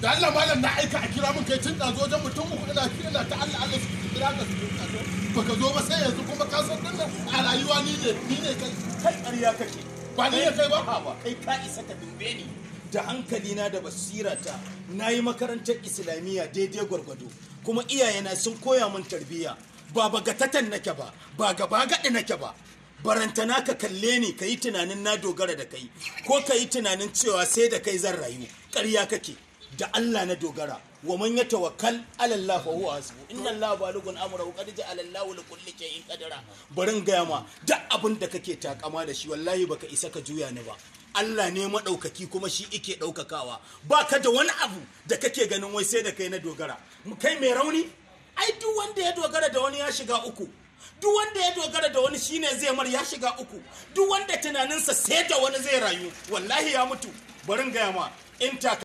da Allah malam na aika a kira mun kai tun ɗazo wajen mutum uku ina ina ta Allah Allah su kira ka su kira ka baka zo ba sai yanzu kuma ka san dinnan a rayuwa ni ne ni ne kai kai ƙarya kake ba ni ne kai ba ba kai ka isa ka dube ni da hankalina da basirata na yi makarantar islamiyya daidai gwargwado kuma iyayena sun koya min tarbiyya ba bagatatan nake ba ba gaba gaɗi nake ba barantana ka kalle ni ka yi tunanin na dogara da kai ko ka yi tunanin cewa sai da kai zan rayu ƙarya kake da Allah na dogara wa man tawakkal ala Allah fa huwa hasbu inna Allah balighun wa qad ja'ala Allahu li kulli shay'in qadara barin gaya ma duk abin da kake takama da shi wallahi baka isa ka juya ni ba Allah ne madaukaki kuma shi ike daukakawa baka da wani abu da kake ganin wai sai da kai na dogara kai mai rauni ai duk wanda ya dogara da wani ya shiga uku duk wanda ya dogara da wani shine zai mar ya shiga uku duk wanda tunaninsa sai da wani zai rayu wallahi ya mutu barin gaya ma in